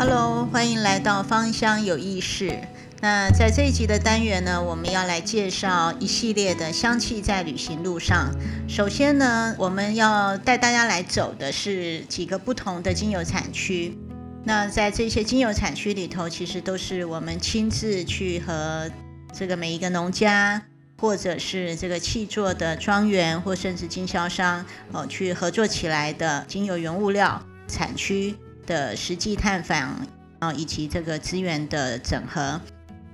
Hello，歡迎來到芳香有意識。那在這一集的單元呢，我們要來介紹一系列的香氣在旅行路上。首先呢，我們要帶大家來走的是幾個不同的精油產區。那在這些精油產區裡頭，其實都是我們親自去和這個每一個農家，或者是這個氣作的莊園，或甚至經銷商哦，去合作起來的精油原物料產區。的實際探訪啊，以及這個資源的整合。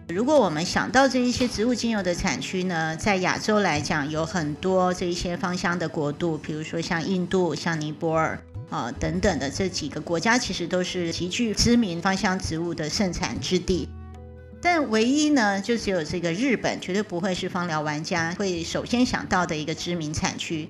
如果我們想到這一些植物精油的產區呢，在亞洲來講，有很多這一些芳香的國度，比如說像印度、像尼泊爾啊等等的這幾個國家，其實都是極具知名芳香植物的盛產之地。但唯一呢，就只有這個日本，絕對不會是芳療玩家會首先想到的一個知名產區。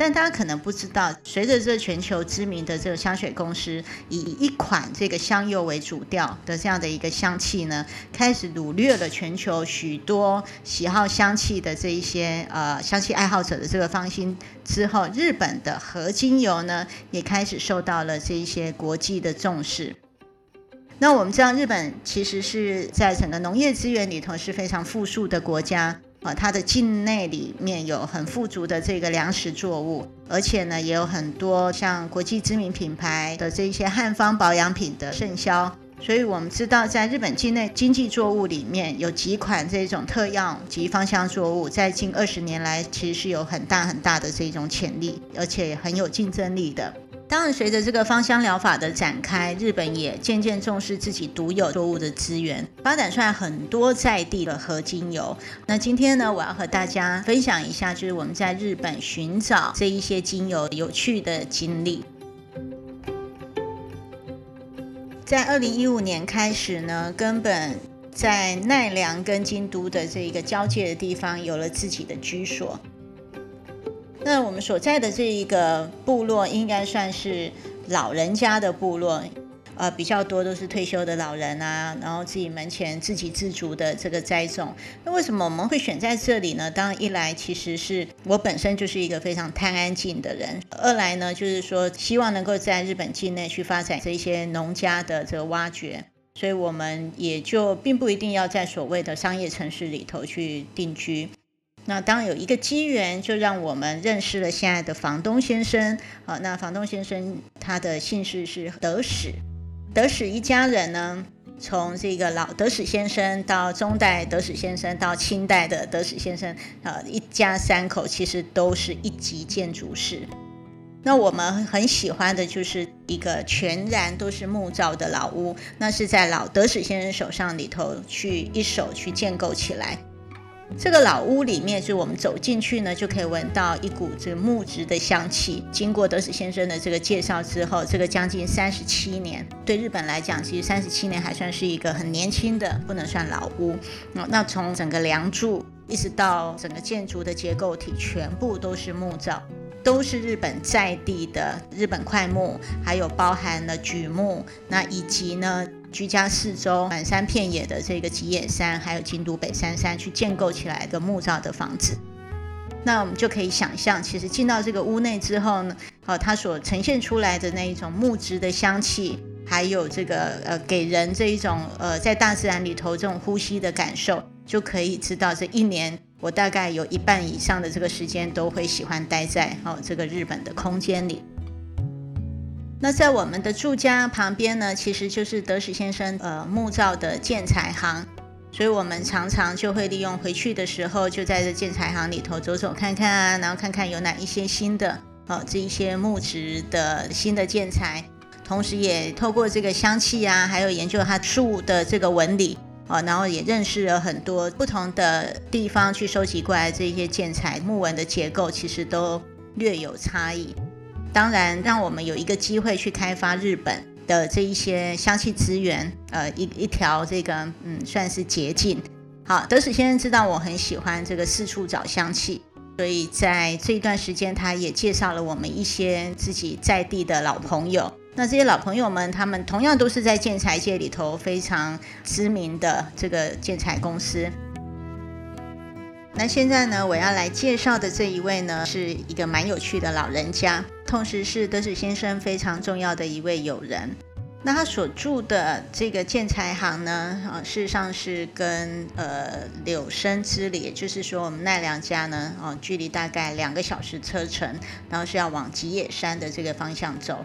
但大家可能不知道，隨着這全球知名的這個香水公司以一款這個香油為主調的這樣的一個香氣呢，開始擄掠了全球許多喜好香氣的這一些呃香氣愛好者的這個芳心之後，日本的檜精油呢也開始受到了這一些國際的重視。那我們知道，日本其實是在整個農業資源裡頭是非常富庶的國家。啊，它的境內裡面有很富足的這個糧食作物，而且呢，也有很多像國際知名品牌的這一些漢方保養品的盛銷。所以，我們知道，在日本境內經濟作物裡面有幾款這種特藥及芳香作物，在近二十年來，其實是有很大很大的這種潛力，而且很有競爭力的。當然，隨着這個芳香療法的展開，日本也漸漸重視自己獨有作物的資源，發展出來很多在地的和精油。那今天呢，我要和大家分享一下，就是我們在日本尋找這一些精油有趣的經歷。在二零一五年開始呢，根本在奈良跟京都的這一個交界的地方，有了自己的居所。那我們所在的這一個部落應該算是老人家的部落，呃，比較多都是退休的老人啊，然後自己門前自給自足的這個栽種。那為什麼我們會選在這裡呢？當然，一來其實是我本身就是一個非常貪安靜的人；二來呢，就是說希望能夠在日本境內去發展這一些農家的這個挖掘，所以我們也就並不一定要在所謂的商業城市裡頭去定居。那當有一個機緣，就讓我們認識了現在的房東先生。啊，那房東先生他的姓氏是德矢，德矢一家人呢，從這個老德矢先生到中代德矢先生到清代的德矢先生，呃，一家三口其實都是一級建築師。那我們很喜歡的就是一個全然都是木造的老屋，那是在老德矢先生手上裡頭去一手去建構起來。這個老屋裡面，就是我們走進去呢，就可以聞到一股這木質的香氣。經過德矢先生的這個介紹之後，這個將近三十七年，對日本來講，其實三十七年還算是一個很年輕的，不能算老屋。那從整個樑柱一直到整個建築的結構體，全部都是木造，都是日本在地的日本檜木，還有包含了櫸木，那以及呢，居家四周滿山遍野的這個吉野山，還有京都北山山去建構起來的木造的房子，那我們就可以想象，其實進到這個屋內之後呢，哦，它所呈現出來的那一種木質的香氣，還有這個呃，給人這一種呃，在大自然裡頭這種呼吸的感受，就可以知道這一年我大概有一半以上的這個時間都會喜歡待在哦這個日本的空間裡。那在我們的住家旁邊呢，其實就是德矢先生呃木造的建材行，所以我們常常就會利用回去的時候，就在這建材行裡頭走走看看啊，然後看看有哪一些新的哦這一些木質的新的建材，同時也透過這個香氣啊，還有研究它樹的這個紋理啊、哦，然後也認識了很多不同的地方去收集過來這一些建材木紋的結構，其實都略有差異。當然，讓我們有一個機會去開發日本的這一些香氣資源，呃，一一條這個嗯，算是捷徑。好，德矢先生知道我很喜歡這個四處找香氣，所以在這一段時間，他也介紹了我們一些自己在地的老朋友。那這些老朋友們，他們同樣都是在建材界裡頭非常知名的這個建材公司。那現在呢，我要來介紹的這一位呢，是一個蠻有趣的老人家。同時是德矢先生非常重要的一位友人。那他所住的這個建材行呢，啊、哦，事實上是跟呃柳生之里，也就是說我們奈良家呢，呃、哦，距離大概兩個小時車程，然後是要往吉野山的這個方向走。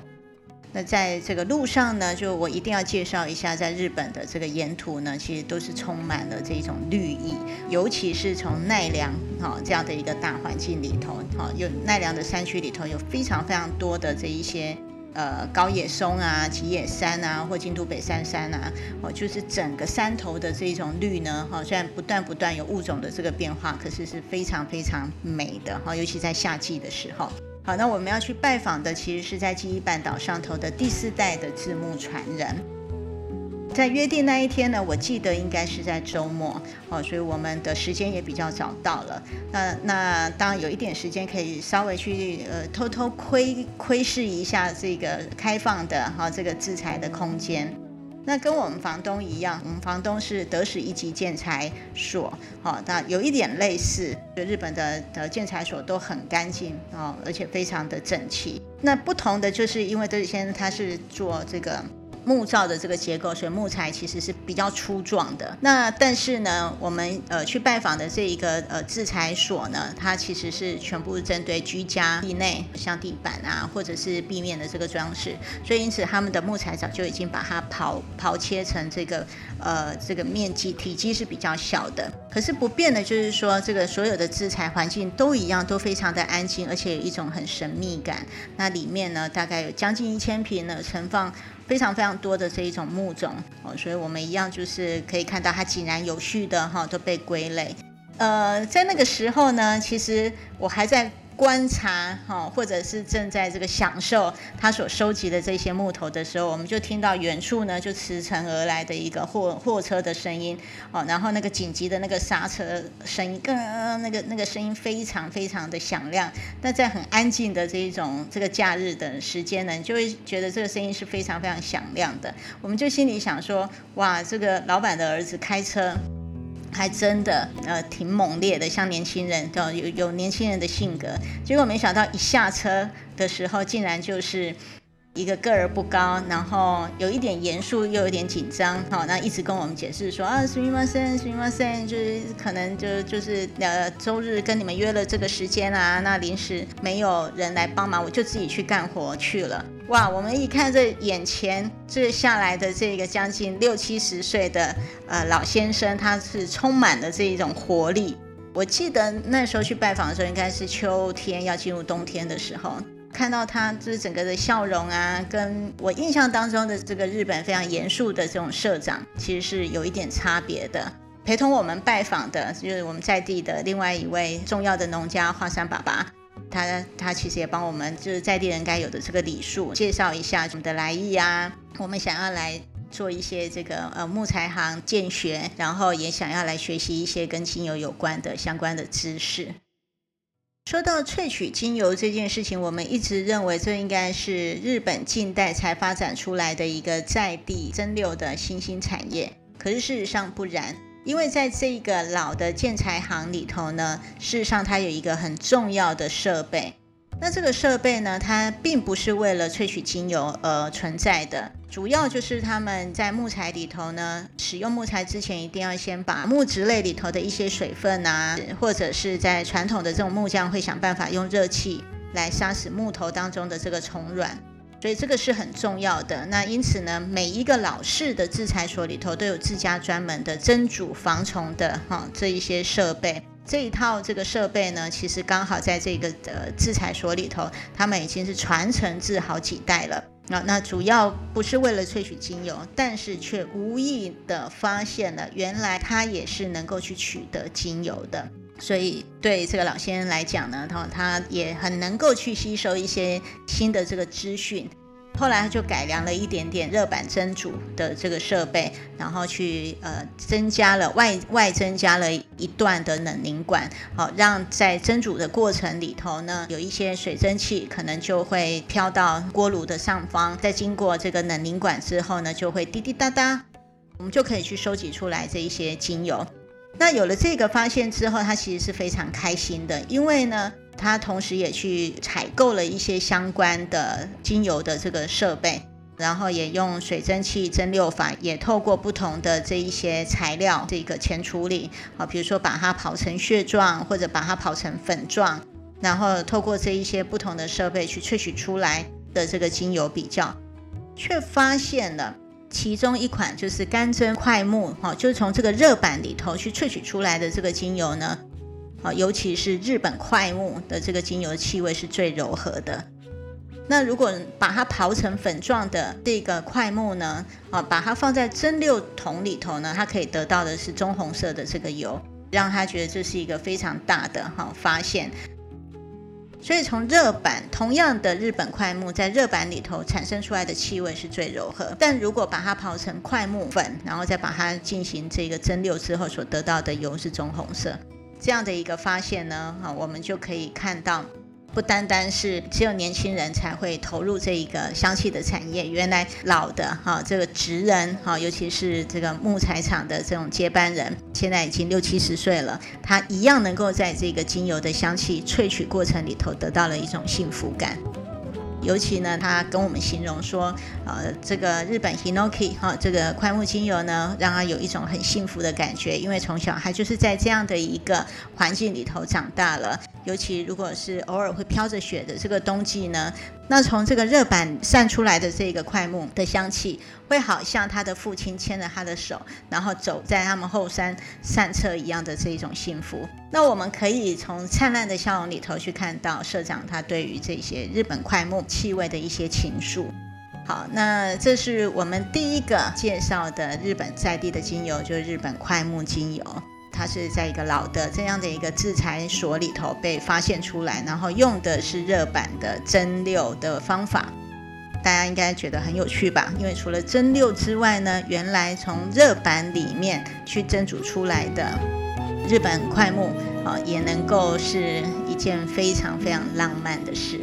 那在這個路上呢，就我一定要介紹一下，在日本的這個沿途呢，其實都是充滿了這一種綠意，尤其是從奈良哈這樣的一個大環境裡頭哈、哦，有奈良的山區裡頭有非常非常多的這一些呃高野松啊、吉野山啊或京都北山山啊，哦，就是整個山頭的這一種綠呢哈、哦，雖然不斷不斷有物種的這個變化，可是是非常非常美的哈、哦，尤其在夏季的時候。好，那我們要去拜訪的，其實是在紀伊半島上頭的第四代的製木傳人。在約定那一天呢，我記得應該是在週末哦，所以我們的時間也比較早到了。那那當然有一點時間可以稍微去呃偷偷窺窺視一下這個開放的哈、哦、這個製材的空間。那跟我們房東一樣，我們房東是德矢一級建材所，哦，那有一點類似，就日本的的建材所都很乾淨哦，而且非常的整齊。那不同的就是因為德矢先生他是做這個。木造的這個結構，所以木材其實是比較粗壯的。那但是呢，我們呃去拜訪的這一個呃製材所呢，它其實是全部針對居家地內，像地板啊，或者是壁面的這個裝飾。所以因此，他們的木材早就已經把它刨刨切成這個呃這個面積體積是比較小的。可是不變的就是說，這個所有的製材環境都一樣，都非常的安靜，而且有一種很神秘感。那裡面呢，大概有將近一千坪呢，存放。非常非常多的這一種木種哦，所以我們一樣就是可以看到它井然有序的哈，都被歸類。呃，在那個時候呢，其實我還在。觀察哈，或者是正在這個享受他所收集的這些木頭的時候，我們就聽到遠處呢就馳騁而來的一個貨貨車的聲音哦，然後那個緊急的那個剎車聲音，個、呃、那個那個聲音非常非常的響亮。那在很安靜的這一種這個假日的時間呢，你就會覺得這個聲音是非常非常響亮的。我們就心裡想說，哇，這個老闆的兒子開車。還真的，呃，挺猛烈的，像年輕人，有有年輕人的性格。結果沒想到一下車的時候，竟然就是。一個個兒不高，然後有一點嚴肅，又有一點緊張。好，那一直跟我們解釋說啊，Swim Master，Swim m a s e 就是可能就是就是呃，周日跟你們約了這個時間啊，那臨時沒有人來幫忙，我就自己去幹活去了。哇，我們一看這眼前坐下來的這個將近六七十歲的呃老先生，他是充滿了這一種活力。我記得那時候去拜訪的時候，應該是秋天要進入冬天的時候。看到他就是整個的笑容啊，跟我印象當中的這個日本非常嚴肅的這種社長，其實是有一點差別的。陪同我們拜訪的就是我們在地的另外一位重要的農家華山爸爸，他他其實也幫我們就是在地人該有的這個禮數，介紹一下我們的來意啊。我們想要來做一些這個呃木材行見學，然後也想要來學習一些跟精油有關的相關的知識。說到萃取精油這件事情，我們一直認為這應該是日本近代才發展出來的一個在地蒸餾的新興產業。可是事實上不然，因為在這個老的建材行裡頭呢，事實上它有一個很重要的設備。那這個設備呢，它並不是為了萃取精油而存在的。主要就是他們在木材裡頭呢，使用木材之前一定要先把木質類裡頭的一些水分啊，或者是在傳統的這種木匠會想辦法用熱氣來殺死木頭當中的這個蟲卵，所以這個是很重要的。那因此呢，每一個老式的制材所裡頭都有自家專門的蒸煮防蟲的哈、哦、這一些設備，這一套這個設備呢，其實剛好在這個呃制材所裡頭，他們已經是傳承至好幾代了。那那主要不是為了萃取精油，但是卻無意的發現了，原來它也是能夠去取得精油的。所以對這個老先生來講呢，他他也很能夠去吸收一些新的這個資訊。後來他就改良了一點點熱板蒸煮的這個設備，然後去呃增加了外外增加了一段的冷凝管，好讓在蒸煮的過程裡頭呢，有一些水蒸氣可能就會飄到鍋爐的上方，在經過這個冷凝管之後呢，就會滴滴答答，我們就可以去收集出來這一些精油。那有了這個發現之後，他其實是非常開心的，因為呢。他同時也去採購了一些相關的精油的這個設備，然後也用水蒸氣蒸餾法，也透過不同的這一些材料這個前處理啊，比如說把它刨成屑狀，或者把它刨成粉狀，然後透過這一些不同的設備去萃取出來的這個精油比較，卻發現了其中一款就是乾蒸檜木，哈，就是從這個熱板裡頭去萃取出來的這個精油呢。尤其是日本檜木的這個精油氣味是最柔和的。那如果把它刨成粉狀的這個檜木呢，啊，把它放在蒸餾桶裡頭呢，它可以得到的是棕紅色的這個油，讓他覺得這是一個非常大的哈發現。所以從熱板同樣的日本檜木在熱板裡頭產生出來的氣味是最柔和，但如果把它刨成檜木粉，然後再把它進行這個蒸餾之後所得到的油是棕紅色。這樣的一個發現呢，哈，我們就可以看到，不單單是只有年輕人才會投入這一個香氣的產業，原來老的哈，這個職人哈，尤其是這個木材廠的這種接班人，現在已經六七十歲了，他一樣能夠在這個精油的香氣萃取過程裡頭得到了一種幸福感。尤其呢，他跟我們形容說，呃，這個日本 Hinoki 哈、哦，這個檜木精油呢，讓他有一種很幸福的感覺，因為從小他就是在這樣的一個環境裡頭長大了。尤其如果是偶爾會飄着雪的這個冬季呢，那從這個熱板散出來的這個檜木的香氣。會好像他的父親牽着他的手，然後走在他們後山散策一樣的這一種幸福。那我們可以從燦爛的笑容裡頭去看到社長他對於這些日本檜木氣味的一些情愫。好，那這是我們第一個介紹的日本在地的精油，就是日本檜木精油。它是在一個老的這樣的一個製材所裡頭被發現出來，然後用的是熱板的蒸餾的方法。大家應該覺得很有趣吧？因為除了蒸餾之外呢，原來從熱板裡面去蒸煮出來的日本檜木，啊，也能夠是一件非常非常浪漫的事。